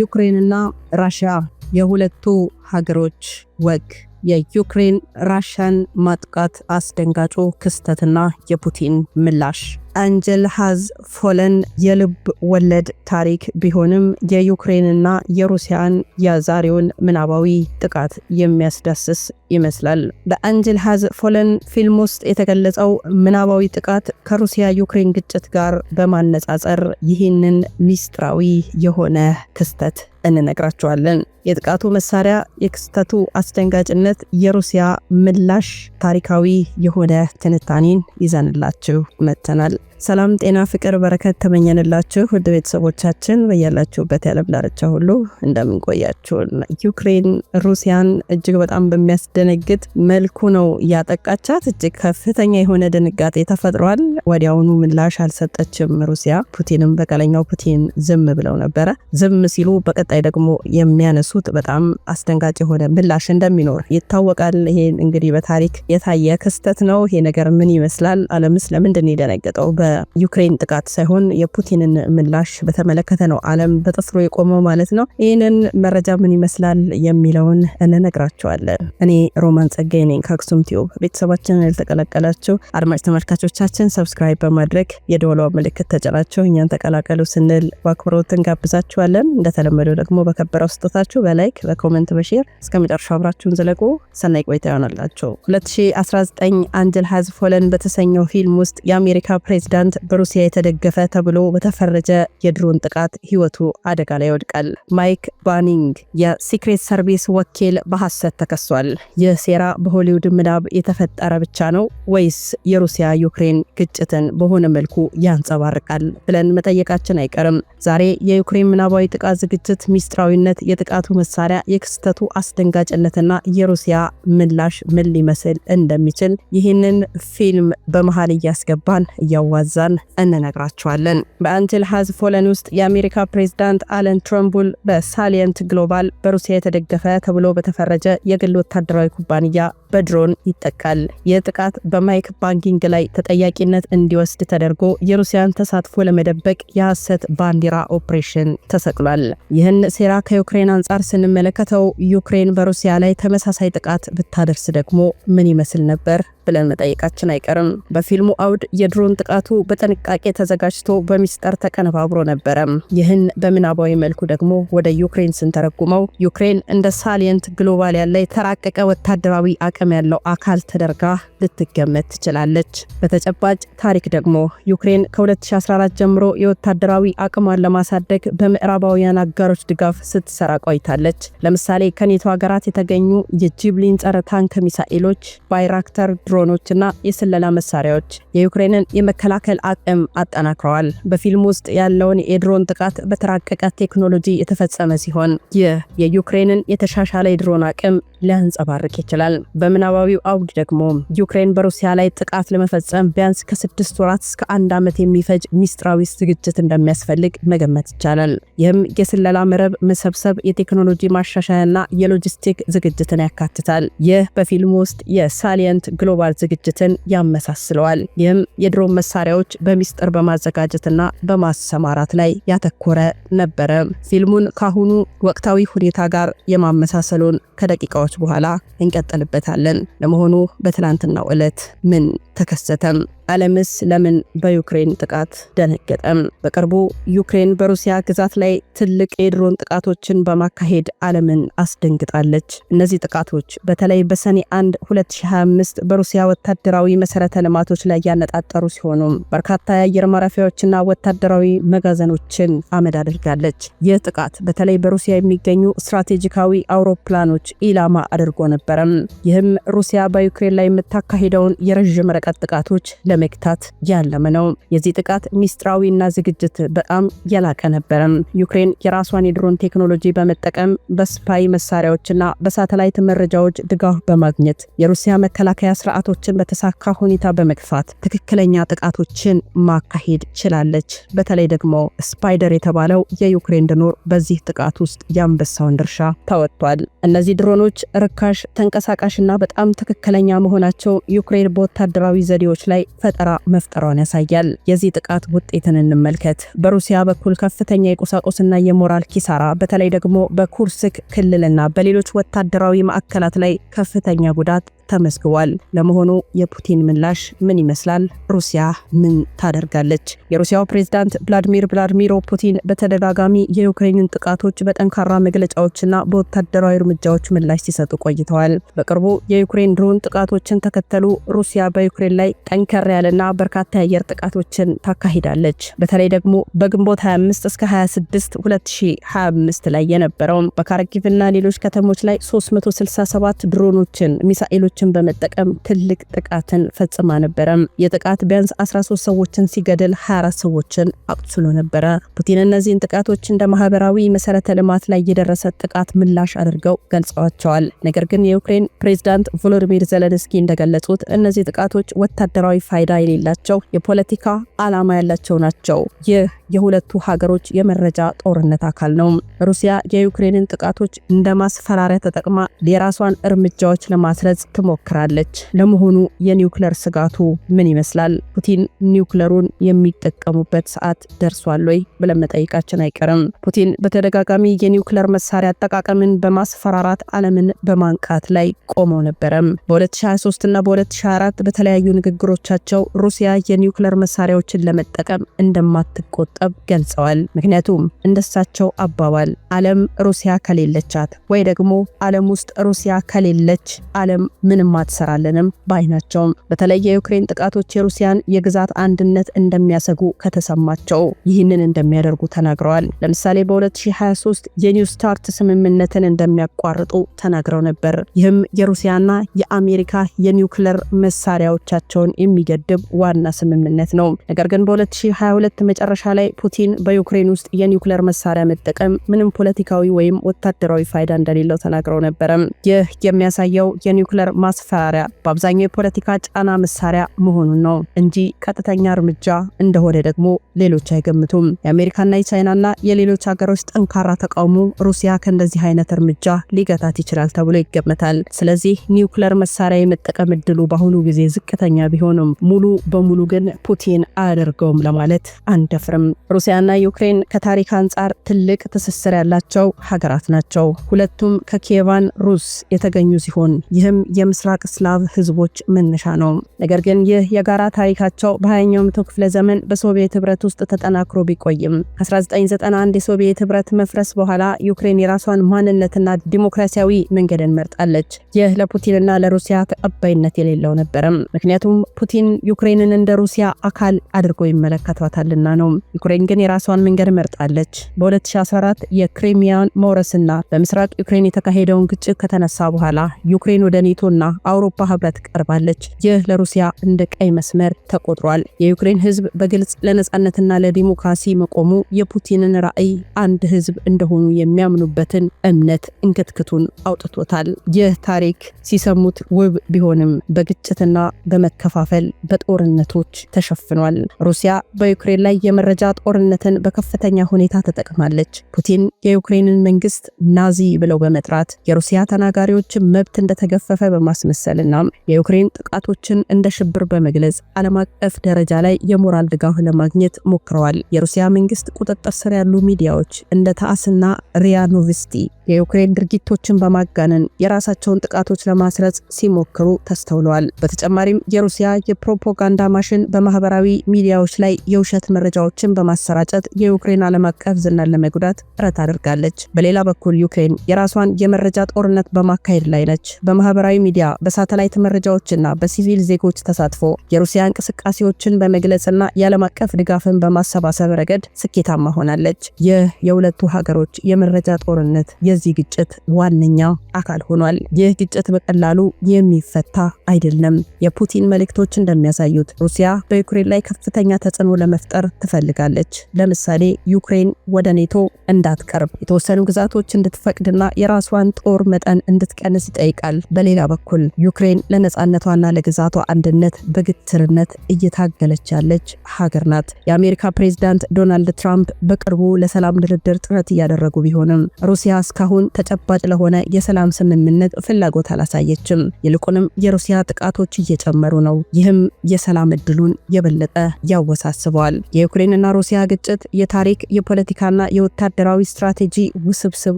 ዩክሬንና ራሽያ የሁለቱ ሀገሮች ወግ የዩክሬን ራሽያን ማጥቃት አስደንጋጩ ክስተትና የፑቲን ምላሽ አንጀል ሃዝ ፎለን የልብ ወለድ ታሪክ ቢሆንም የዩክሬንና የሩሲያን የዛሬውን ምናባዊ ጥቃት የሚያስዳስስ ይመስላል። በአንጀል ሃዝ ፎለን ፊልም ውስጥ የተገለጸው ምናባዊ ጥቃት ከሩሲያ ዩክሬን ግጭት ጋር በማነጻጸር ይህንን ሚስጥራዊ የሆነ ክስተት እንነግራቸዋለን። የጥቃቱ መሳሪያ፣ የክስተቱ አስደንጋጭነት፣ የሩሲያ ምላሽ ታሪካዊ የሆነ ትንታኔን ይዘንላችሁ መጥተናል። ሰላም፣ ጤና፣ ፍቅር፣ በረከት ተመኘንላችሁ ውድ ቤተሰቦቻችን በያላችሁበት የዓለም ዳርቻ ሁሉ እንደምንቆያችሁን። ዩክሬን ሩሲያን እጅግ በጣም በሚያስደነግጥ መልኩ ነው ያጠቃቻት። እጅግ ከፍተኛ የሆነ ድንጋጤ ተፈጥሯል። ወዲያውኑ ምላሽ አልሰጠችም ሩሲያ። ፑቲንም በቀለኛው ፑቲን ዝም ብለው ነበረ። ዝም ሲሉ በቀጣይ ደግሞ የሚያነሱ ሲነሱት በጣም አስደንጋጭ የሆነ ምላሽ እንደሚኖር ይታወቃል። ይሄ እንግዲህ በታሪክ የታየ ክስተት ነው። ይሄ ነገር ምን ይመስላል? ዓለምስ ለምንድን የደነገጠው? በዩክሬን ጥቃት ሳይሆን የፑቲንን ምላሽ በተመለከተ ነው ዓለም በጥፍሩ የቆመው ማለት ነው። ይህንን መረጃ ምን ይመስላል የሚለውን እንነግራቸዋለን። እኔ ሮማን ጸጋይ ነኝ ከአክሱም ቲዩብ። ቤተሰባችንን ያልተቀላቀላችሁ አድማጭ ተመልካቾቻችን ሰብስክራይብ በማድረግ የደወሏ ምልክት ተጭናችሁ እኛን ተቀላቀሉ ስንል በአክብሮት እንጋብዛችኋለን። እንደተለመደው ደግሞ በከበረው ስጦታችሁ በላይክ በኮመንት በሼር እስከ መጨረሻው አብራችሁን ዘለቁ። ሰናይ ቆይታ ይሆናላቸው። 2019 አንጀል ሃዝ ፎለን በተሰኘው ፊልም ውስጥ የአሜሪካ ፕሬዚዳንት በሩሲያ የተደገፈ ተብሎ በተፈረጀ የድሮን ጥቃት ህይወቱ አደጋ ላይ ይወድቃል። ማይክ ባኒንግ የሲክሬት ሰርቪስ ወኪል በሐሰት ተከሷል። ይህ ሴራ በሆሊውድ ምናብ የተፈጠረ ብቻ ነው ወይስ የሩሲያ ዩክሬን ግጭትን በሆነ መልኩ ያንጸባርቃል ብለን መጠየቃችን አይቀርም። ዛሬ የዩክሬን ምናባዊ ጥቃት ዝግጅት ሚስጥራዊነት፣ የጥቃቱ መሳሪያ የክስተቱ አስደንጋጭነትና የሩሲያ ምላሽ ምን ሊመስል እንደሚችል ይህንን ፊልም በመሀል እያስገባን እያዋዛን እንነግራቸዋለን። በአንቲል ሀዝ ፎለን ውስጥ የአሜሪካ ፕሬዝዳንት አለን ትረምቡል በሳሊየንት ግሎባል በሩሲያ የተደገፈ ተብሎ በተፈረጀ የግል ወታደራዊ ኩባንያ በድሮን ይጠቃል። ይህ ጥቃት በማይክ ባንኪንግ ላይ ተጠያቂነት እንዲወስድ ተደርጎ የሩሲያን ተሳትፎ ለመደበቅ የሐሰት ባንዲራ ኦፕሬሽን ተሰቅሏል። ይህን ሴራ ከዩክሬን አንጻር ስንመለከተው ዩክሬን በሩሲያ ላይ ተመሳሳይ ጥቃት ብታደርስ ደግሞ ምን ይመስል ነበር? ብለን መጠየቃችን አይቀርም። በፊልሙ አውድ የድሮን ጥቃቱ በጥንቃቄ ተዘጋጅቶ በሚስጠር ተቀነባብሮ ነበረም። ይህን በምናባዊ መልኩ ደግሞ ወደ ዩክሬን ስንተረጉመው ዩክሬን እንደ ሳሊየንት ግሎባል ያለ የተራቀቀ ወታደራዊ አቅም ያለው አካል ተደርጋ ልትገመት ትችላለች። በተጨባጭ ታሪክ ደግሞ ዩክሬን ከ2014 ጀምሮ የወታደራዊ አቅሟን ለማሳደግ በምዕራባውያን አጋሮች ድጋፍ ስትሰራ ቆይታለች። ለምሳሌ ከኔቶ ሀገራት የተገኙ የጂብሊን ጸረ ታንክ ሚሳኤሎች ባይራክተር ድሮኖችና የስለላ መሳሪያዎች የዩክሬንን የመከላከል አቅም አጠናክረዋል። በፊልም ውስጥ ያለውን የድሮን ጥቃት በተራቀቀ ቴክኖሎጂ የተፈጸመ ሲሆን ይህ የዩክሬንን የተሻሻለ የድሮን አቅም ሊያንጸባርቅ ይችላል። በምናባዊው አውድ ደግሞ ዩክሬን በሩሲያ ላይ ጥቃት ለመፈጸም ቢያንስ ከስድስት ወራት እስከ አንድ ዓመት የሚፈጅ ሚስጥራዊ ዝግጅት እንደሚያስፈልግ መገመት ይቻላል። ይህም የስለላ መረብ መሰብሰብ፣ የቴክኖሎጂ ማሻሻያና የሎጂስቲክ ዝግጅትን ያካትታል። ይህ በፊልም ውስጥ የሳሊየንት ግሎባል ዝግጅትን ያመሳስለዋል። ይህም የድሮን መሳሪያዎች በሚስጥር በማዘጋጀትና በማሰማራት ላይ ያተኮረ ነበረ። ፊልሙን ካሁኑ ወቅታዊ ሁኔታ ጋር የማመሳሰሉን ከደቂቃዎች በኋላ እንቀጥልበታለን። ለመሆኑ በትላንትናው ዕለት ምን ተከሰተም? ዓለምስ ለምን በዩክሬን ጥቃት ደነገጠም? በቅርቡ ዩክሬን በሩሲያ ግዛት ላይ ትልቅ የድሮን ጥቃቶችን በማካሄድ ዓለምን አስደንግጣለች። እነዚህ ጥቃቶች በተለይ በሰኔ 1 2025 በሩሲያ ወታደራዊ መሰረተ ልማቶች ላይ ያነጣጠሩ ሲሆኑም በርካታ የአየር ማረፊያዎችና ወታደራዊ መጋዘኖችን አመድ አድርጋለች። ይህ ጥቃት በተለይ በሩሲያ የሚገኙ ስትራቴጂካዊ አውሮፕላኖች ኢላማ አድርጎ ነበረም። ይህም ሩሲያ በዩክሬን ላይ የምታካሄደውን የረዥም ርቀት ጥቃቶች ለመ ለመግታት ያለመ ነው። የዚህ ጥቃት ሚስጥራዊና ዝግጅት በጣም የላቀ ነበረም። ዩክሬን የራሷን የድሮን ቴክኖሎጂ በመጠቀም በስፓይ መሳሪያዎችና በሳተላይት መረጃዎች ድጋፍ በማግኘት የሩሲያ መከላከያ ስርዓቶችን በተሳካ ሁኔታ በመግፋት ትክክለኛ ጥቃቶችን ማካሄድ ችላለች። በተለይ ደግሞ ስፓይደር የተባለው የዩክሬን ድኖር በዚህ ጥቃት ውስጥ የአንበሳውን ድርሻ ተወጥቷል። እነዚህ ድሮኖች ርካሽ፣ ተንቀሳቃሽና በጣም ትክክለኛ መሆናቸው ዩክሬን በወታደራዊ ዘዴዎች ላይ ፈጠራ መፍጠሯን ያሳያል። የዚህ ጥቃት ውጤትን እንመልከት። በሩሲያ በኩል ከፍተኛ የቁሳቁስና የሞራል ኪሳራ በተለይ ደግሞ በኩርስክ ክልልና በሌሎች ወታደራዊ ማዕከላት ላይ ከፍተኛ ጉዳት ተመዝግቧል። ለመሆኑ የፑቲን ምላሽ ምን ይመስላል? ሩሲያ ምን ታደርጋለች? የሩሲያው ፕሬዝዳንት ቭላዲሚር ቭላዲሚሮ ፑቲን በተደጋጋሚ የዩክሬንን ጥቃቶች በጠንካራ መግለጫዎችና በወታደራዊ እርምጃዎች ምላሽ ሲሰጡ ቆይተዋል። በቅርቡ የዩክሬን ድሮን ጥቃቶችን ተከተሉ ሩሲያ በዩክሬን ላይ ጠንከር ያለና በርካታ የአየር ጥቃቶችን ታካሂዳለች። በተለይ ደግሞ በግንቦት 25 እስከ 26 2025 ላይ የነበረውን በካርኪቭና ሌሎች ከተሞች ላይ 367 ድሮኖችን ሚሳኤሎች ሰዎችን በመጠቀም ትልቅ ጥቃትን ፈጽማ ነበረ። የጥቃት ቢያንስ 13 ሰዎችን ሲገድል 24 ሰዎችን አቁስሎ ነበረ። ፑቲን እነዚህን ጥቃቶች እንደ ማህበራዊ መሰረተ ልማት ላይ የደረሰ ጥቃት ምላሽ አድርገው ገልጸዋቸዋል። ነገር ግን የዩክሬን ፕሬዝዳንት ቮሎዲሚር ዘለንስኪ እንደገለጹት እነዚህ ጥቃቶች ወታደራዊ ፋይዳ የሌላቸው የፖለቲካ ዓላማ ያላቸው ናቸው። ይህ የሁለቱ ሀገሮች የመረጃ ጦርነት አካል ነው። ሩሲያ የዩክሬንን ጥቃቶች እንደ ማስፈራሪያ ተጠቅማ የራሷን እርምጃዎች ለማስረጽ ትሞ ትሞክራለች። ለመሆኑ የኒውክለር ስጋቱ ምን ይመስላል? ፑቲን ኒውክለሩን የሚጠቀሙበት ሰዓት ደርሷል ወይ ብለን መጠይቃችን አይቀርም። ፑቲን በተደጋጋሚ የኒውክለር መሳሪያ አጠቃቀምን በማስፈራራት ዓለምን በማንቃት ላይ ቆመው ነበረም። በ2023 እና በ2024 በተለያዩ ንግግሮቻቸው ሩሲያ የኒውክለር መሳሪያዎችን ለመጠቀም እንደማትቆጠብ ገልጸዋል። ምክንያቱም እንደሳቸው አባባል ዓለም ሩሲያ ከሌለቻት ወይ ደግሞ ዓለም ውስጥ ሩሲያ ከሌለች ዓለም ምን ምንም አትሰራለንም ናቸው። በተለይ የዩክሬን ጥቃቶች የሩሲያን የግዛት አንድነት እንደሚያሰጉ ከተሰማቸው ይህንን እንደሚያደርጉ ተናግረዋል። ለምሳሌ በ2023 የኒው ስታርት ስምምነትን እንደሚያቋርጡ ተናግረው ነበር። ይህም የሩሲያና የአሜሪካ የኒውክለር መሳሪያዎቻቸውን የሚገድብ ዋና ስምምነት ነው። ነገር ግን በ2022 መጨረሻ ላይ ፑቲን በዩክሬን ውስጥ የኒውክለር መሳሪያ መጠቀም ምንም ፖለቲካዊ ወይም ወታደራዊ ፋይዳ እንደሌለው ተናግረው ነበረም። ይህ የሚያሳየው የኒውክለር ማስፈራሪያ፣ በአብዛኛው የፖለቲካ ጫና መሳሪያ መሆኑን ነው እንጂ ቀጥተኛ እርምጃ እንደሆነ ደግሞ ሌሎች አይገምቱም። የአሜሪካና የቻይናና የሌሎች ሀገሮች ጠንካራ ተቃውሞ ሩሲያ ከእንደዚህ አይነት እርምጃ ሊገታት ይችላል ተብሎ ይገመታል። ስለዚህ ኒውክለር መሳሪያ የመጠቀም እድሉ በአሁኑ ጊዜ ዝቅተኛ ቢሆንም ሙሉ በሙሉ ግን ፑቲን አያደርገውም ለማለት አንደፍርም። ሩሲያና ዩክሬን ከታሪክ አንጻር ትልቅ ትስስር ያላቸው ሀገራት ናቸው። ሁለቱም ከኪየቫን ሩስ የተገኙ ሲሆን ይህም የምስራቅ ስላቭ ህዝቦች መነሻ ነው። ነገር ግን ይህ የጋራ ታሪካቸው በ መቶ ክፍለ ዘመን በሶቪየት ህብረት ውስጥ ተጠናክሮ ቢቆይም ከ1991 የሶቪየት ህብረት መፍረስ በኋላ ዩክሬን የራሷን ማንነትና ዲሞክራሲያዊ መንገድን መርጣለች። ይህ ለፑቲንና ለሩሲያ ተቀባይነት የሌለው ነበረም። ምክንያቱም ፑቲን ዩክሬንን እንደ ሩሲያ አካል አድርጎ ይመለከቷታልና ነው። ዩክሬን ግን የራሷን መንገድ መርጣለች። በ2014 የክሪሚያን መውረስና በምስራቅ ዩክሬን የተካሄደውን ግጭት ከተነሳ በኋላ ዩክሬን ወደ ኔቶና ና አውሮፓ ህብረት ቀርባለች። ይህ ለሩሲያ እንደ ቀይ መስመር ተቆጥሯል። የዩክሬን ህዝብ በግልጽ ለነጻነትና ለዲሞክራሲ መቆሙ የፑቲንን ራዕይ አንድ ህዝብ እንደሆኑ የሚያምኑበትን እምነት እንክትክቱን አውጥቶታል። ይህ ታሪክ ሲሰሙት ውብ ቢሆንም በግጭትና በመከፋፈል በጦርነቶች ተሸፍኗል። ሩሲያ በዩክሬን ላይ የመረጃ ጦርነትን በከፍተኛ ሁኔታ ተጠቅማለች። ፑቲን የዩክሬንን መንግስት ናዚ ብለው በመጥራት የሩሲያ ተናጋሪዎችን መብት እንደተገፈፈ በማ በማስመሰልና የዩክሬን ጥቃቶችን እንደ ሽብር በመግለጽ ዓለም አቀፍ ደረጃ ላይ የሞራል ድጋፍ ለማግኘት ሞክረዋል። የሩሲያ መንግስት ቁጥጥር ስር ያሉ ሚዲያዎች እንደ ታአስና ሪያ ኖቪስቲ የዩክሬን ድርጊቶችን በማጋነን የራሳቸውን ጥቃቶች ለማስረጽ ሲሞክሩ ተስተውለዋል። በተጨማሪም የሩሲያ የፕሮፓጋንዳ ማሽን በማህበራዊ ሚዲያዎች ላይ የውሸት መረጃዎችን በማሰራጨት የዩክሬን ዓለም አቀፍ ዝናን ለመጉዳት ጥረት አድርጋለች። በሌላ በኩል ዩክሬን የራሷን የመረጃ ጦርነት በማካሄድ ላይ ነች። በማህበራዊ ሚዲያ፣ በሳተላይት መረጃዎችና በሲቪል ዜጎች ተሳትፎ የሩሲያ እንቅስቃሴዎችን በመግለጽና የዓለም አቀፍ ድጋፍን በማሰባሰብ ረገድ ስኬታማ ሆናለች። ይህ የሁለቱ ሀገሮች የመረጃ ጦርነት የዚህ ግጭት ዋነኛ አካል ሆኗል። ይህ ግጭት በቀላሉ የሚፈታ አይደለም። የፑቲን መልእክቶች እንደሚያሳዩት ሩሲያ በዩክሬን ላይ ከፍተኛ ተጽዕኖ ለመፍጠር ትፈልጋለች። ለምሳሌ ዩክሬን ወደ ኔቶ እንዳትቀርብ፣ የተወሰኑ ግዛቶች እንድትፈቅድና የራሷን ጦር መጠን እንድትቀንስ ይጠይቃል። በሌላ በኩል ዩክሬን ለነፃነቷና ለግዛቷ አንድነት በግትርነት እየታገለች ያለች ሀገር ናት። የአሜሪካ ፕሬዚዳንት ዶናልድ ትራምፕ በቅርቡ ለሰላም ድርድር ጥረት እያደረጉ ቢሆንም ሩሲያ እስከ እስካሁን ተጨባጭ ለሆነ የሰላም ስምምነት ፍላጎት አላሳየችም። ይልቁንም የሩሲያ ጥቃቶች እየጨመሩ ነው። ይህም የሰላም እድሉን የበለጠ ያወሳስበዋል። የዩክሬንና ሩሲያ ግጭት የታሪክ የፖለቲካና የወታደራዊ ስትራቴጂ ውስብስብ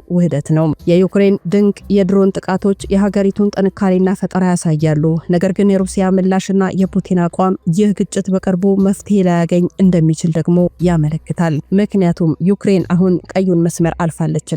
ውህደት ነው። የዩክሬን ድንቅ የድሮን ጥቃቶች የሀገሪቱን ጥንካሬና ፈጠራ ያሳያሉ። ነገር ግን የሩሲያ ምላሽና የፑቲን አቋም ይህ ግጭት በቅርቡ መፍትሄ ላያገኝ እንደሚችል ደግሞ ያመለክታል። ምክንያቱም ዩክሬን አሁን ቀዩን መስመር አልፋለችና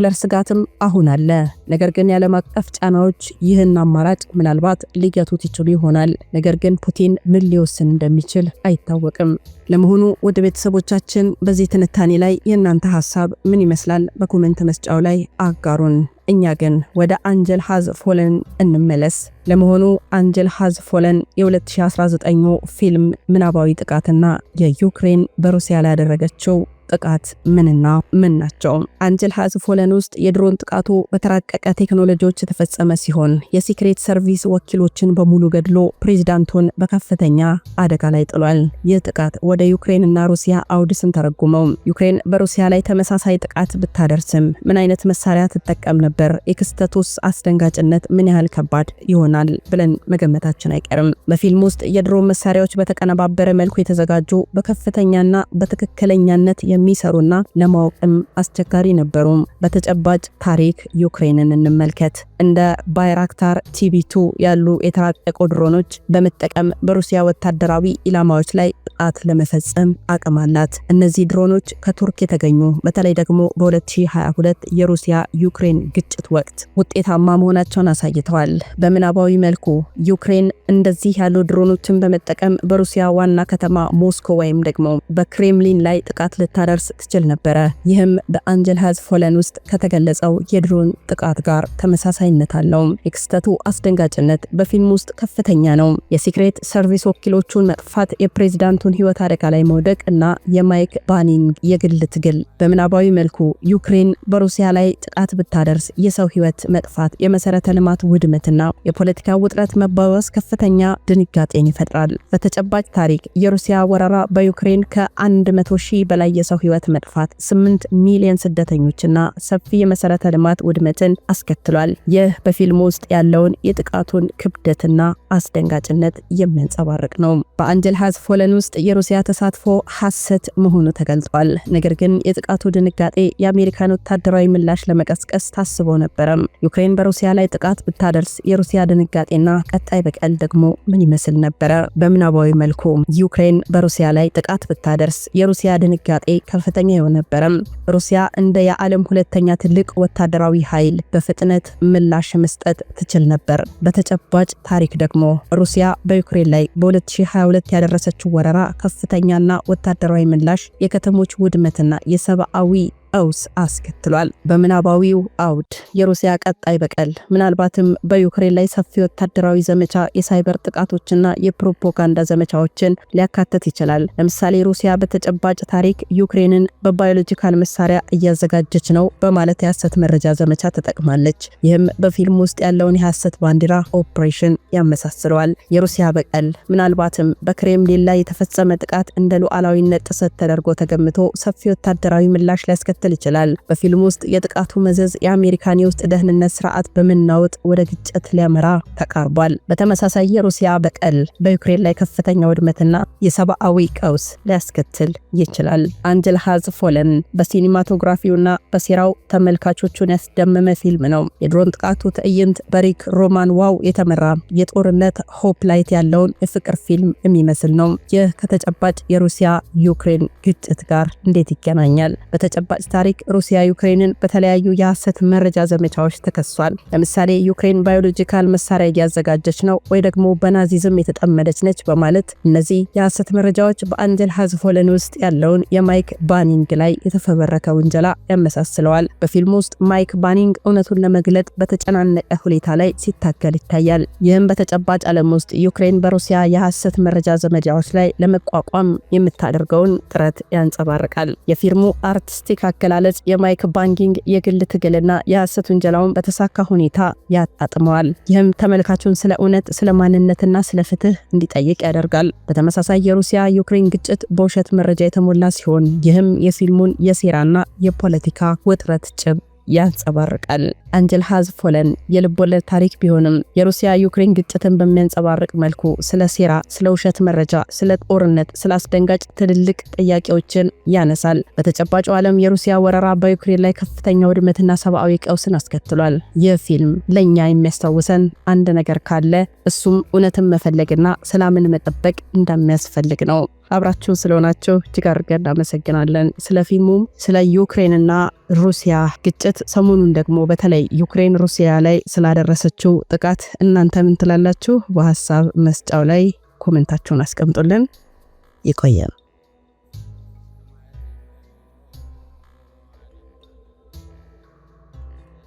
የኒውክለር ስጋትም አሁን አለ። ነገር ግን የዓለም አቀፍ ጫናዎች ይህን አማራጭ ምናልባት ሊገቱት ይችሉ ይሆናል። ነገር ግን ፑቲን ምን ሊወስን እንደሚችል አይታወቅም። ለመሆኑ ወደ ቤተሰቦቻችን በዚህ ትንታኔ ላይ የእናንተ ሀሳብ ምን ይመስላል? በኮመንት መስጫው ላይ አጋሩን። እኛ ግን ወደ አንጀል ሀዝ ፎለን እንመለስ። ለመሆኑ አንጀል ሀዝ ፎለን የ2019 ፊልም ምናባዊ ጥቃትና የዩክሬን በሩሲያ ላይ ያደረገችው ጥቃት ምንና ምን ናቸው? አንጀል ሀዝ ውስጥ የድሮን ጥቃቱ በተራቀቀ ቴክኖሎጂዎች የተፈጸመ ሲሆን የሲክሬት ሰርቪስ ወኪሎችን በሙሉ ገድሎ ፕሬዚዳንቱን በከፍተኛ አደጋ ላይ ጥሏል። ይህ ጥቃት ወደ ዩክሬንና ሩሲያ አውድስን ተረጉመው። ዩክሬን በሩሲያ ላይ ተመሳሳይ ጥቃት ብታደርስም ምን አይነት መሳሪያ ትጠቀም ነበር? የክስተቱስ አስደንጋጭነት ምን ያህል ከባድ ይሆናል ብለን መገመታችን አይቀርም። በፊልም ውስጥ የድሮን መሳሪያዎች በተቀነባበረ መልኩ የተዘጋጁ በከፍተኛና በትክክለኛነት የሚሰሩና ለማወቅም አስቸጋሪ ነበሩ። በተጨባጭ ታሪክ ዩክሬንን እንመልከት። እንደ ባይራክታር ቲቪ2 ያሉ የተራቀቁ ድሮኖች በመጠቀም በሩሲያ ወታደራዊ ኢላማዎች ላይ ጥቃት ለመፈጸም አቅም አላት። እነዚህ ድሮኖች ከቱርክ የተገኙ በተለይ ደግሞ በ2022 የሩሲያ ዩክሬን ግጭት ወቅት ውጤታማ መሆናቸውን አሳይተዋል። በምናባዊ መልኩ ዩክሬን እንደዚህ ያሉ ድሮኖችን በመጠቀም በሩሲያ ዋና ከተማ ሞስኮ ወይም ደግሞ በክሬምሊን ላይ ጥቃት ልታደርስ ትችል ነበረ። ይህም በአንጀል ፎለን ውስጥ ከተገለጸው የድሮን ጥቃት ጋር ተመሳሳይነት አለው። የክስተቱ አስደንጋጭነት በፊልም ውስጥ ከፍተኛ ነው። የሲክሬት ሰርቪስ ወኪሎቹን መጥፋት የፕሬዚዳንቱ የራሱን ህይወት አደጋ ላይ መውደቅ እና የማይክ ባኒንግ የግል ትግል በምናባዊ መልኩ ዩክሬን በሩሲያ ላይ ጥቃት ብታደርስ የሰው ህይወት መጥፋት፣ የመሰረተ ልማት ውድመትና የፖለቲካ ውጥረት መባወስ ከፍተኛ ድንጋጤን ይፈጥራል። በተጨባጭ ታሪክ የሩሲያ ወረራ በዩክሬን ከ100 ሺህ በላይ የሰው ህይወት መጥፋት፣ 8 ሚሊዮን ስደተኞችና ሰፊ የመሰረተ ልማት ውድመትን አስከትሏል። ይህ በፊልም ውስጥ ያለውን የጥቃቱን ክብደትና አስደንጋጭነት የሚያንጸባርቅ ነው። በአንጀል ሀዝ ፎለን ውስጥ የሩሲያ ተሳትፎ ሐሰት መሆኑ ተገልጧል። ነገር ግን የጥቃቱ ድንጋጤ የአሜሪካን ወታደራዊ ምላሽ ለመቀስቀስ ታስቦ ነበረም። ዩክሬን በሩሲያ ላይ ጥቃት ብታደርስ የሩሲያ ድንጋጤና ቀጣይ በቀል ደግሞ ምን ይመስል ነበረ? በምናባዊ መልኩ ዩክሬን በሩሲያ ላይ ጥቃት ብታደርስ የሩሲያ ድንጋጤ ከፍተኛ ይሆን ነበረም። ሩሲያ እንደ የዓለም ሁለተኛ ትልቅ ወታደራዊ ኃይል በፍጥነት ምላሽ መስጠት ትችል ነበር። በተጨባጭ ታሪክ ደግሞ ሩሲያ በዩክሬን ላይ በ2022 ያደረሰችው ወረራ ከፍተኛና ወታደራዊ ምላሽ፣ የከተሞች ውድመትና የሰብአዊ ቀውስ አስከትሏል። በምናባዊው አውድ የሩሲያ ቀጣይ በቀል ምናልባትም በዩክሬን ላይ ሰፊ ወታደራዊ ዘመቻ፣ የሳይበር ጥቃቶችና የፕሮፓጋንዳ ዘመቻዎችን ሊያካትት ይችላል። ለምሳሌ ሩሲያ በተጨባጭ ታሪክ ዩክሬንን በባዮሎጂካል መሳሪያ እያዘጋጀች ነው በማለት የሐሰት መረጃ ዘመቻ ተጠቅማለች። ይህም በፊልም ውስጥ ያለውን የሐሰት ባንዲራ ኦፕሬሽን ያመሳስለዋል። የሩሲያ በቀል ምናልባትም በክሬምሊን ላይ የተፈጸመ ጥቃት እንደ ሉዓላዊነት ጥሰት ተደርጎ ተገምቶ ሰፊ ወታደራዊ ምላሽ ሊያስከትል ሊያስከትል ይችላል። በፊልም ውስጥ የጥቃቱ መዘዝ የአሜሪካን የውስጥ ደህንነት ስርዓት በመናወጥ ወደ ግጭት ሊያመራ ተቃርቧል። በተመሳሳይ የሩሲያ በቀል በዩክሬን ላይ ከፍተኛ ውድመትና የሰብአዊ ቀውስ ሊያስከትል ይችላል። አንጀል ሃዝ ፎለን በሲኒማቶግራፊውና በሴራው ተመልካቾቹን ያስደመመ ፊልም ነው። የድሮን ጥቃቱ ትዕይንት በሪክ ሮማን ዋው የተመራ የጦርነት ሆፕ ላይት ያለውን የፍቅር ፊልም የሚመስል ነው። ይህ ከተጨባጭ የሩሲያ ዩክሬን ግጭት ጋር እንዴት ይገናኛል? በተጨባጭ ታሪክ ሩሲያ ዩክሬንን በተለያዩ የሐሰት መረጃ ዘመቻዎች ተከሷል። ለምሳሌ ዩክሬን ባዮሎጂካል መሳሪያ እያዘጋጀች ነው ወይ ደግሞ በናዚዝም የተጠመደች ነች በማለት እነዚህ የሐሰት መረጃዎች በአንጀል ሀዝፎለን ውስጥ ያለውን የማይክ ባኒንግ ላይ የተፈበረከ ውንጀላ ያመሳስለዋል። በፊልም ውስጥ ማይክ ባኒንግ እውነቱን ለመግለጥ በተጨናነቀ ሁኔታ ላይ ሲታገል ይታያል። ይህም በተጨባጭ ዓለም ውስጥ ዩክሬን በሩሲያ የሐሰት መረጃ ዘመቻዎች ላይ ለመቋቋም የምታደርገውን ጥረት ያንጸባርቃል። የፊልሙ አርቲስቲክ አገላለጽ የማይክ ባንኪንግ የግል ትግልና የሐሰት ውንጀላውን በተሳካ ሁኔታ ያጣጥመዋል። ይህም ተመልካቹን ስለ እውነት፣ ስለ ማንነትና ስለ ፍትህ እንዲጠይቅ ያደርጋል። በተመሳሳይ የሩሲያ ዩክሬን ግጭት በውሸት መረጃ የተሞላ ሲሆን ይህም የፊልሙን የሴራና የፖለቲካ ውጥረት ጭብ ያንጸባርቃል። አንጀል ሃዝ ፎለን የልቦለድ ታሪክ ቢሆንም የሩሲያ ዩክሬን ግጭትን በሚያንጸባርቅ መልኩ ስለ ሴራ፣ ስለ ውሸት መረጃ፣ ስለ ጦርነት፣ ስለ አስደንጋጭ ትልልቅ ጥያቄዎችን ያነሳል። በተጨባጩ ዓለም የሩሲያ ወረራ በዩክሬን ላይ ከፍተኛ ውድመትና ሰብአዊ ቀውስን አስከትሏል። ይህ ፊልም ለእኛ የሚያስታውሰን አንድ ነገር ካለ እሱም እውነትን መፈለግና ሰላምን መጠበቅ እንደሚያስፈልግ ነው። አብራችሁ ስለሆናችሁ እጅግ አድርገን እናመሰግናለን። ስለ ፊልሙም ስለ ዩክሬንና ሩሲያ ግጭት ሰሞኑን ደግሞ በተለይ ዩክሬን ሩሲያ ላይ ስላደረሰችው ጥቃት እናንተ ምን ትላላችሁ? በሀሳብ መስጫው ላይ ኮሜንታችሁን አስቀምጡልን። ይቆየን።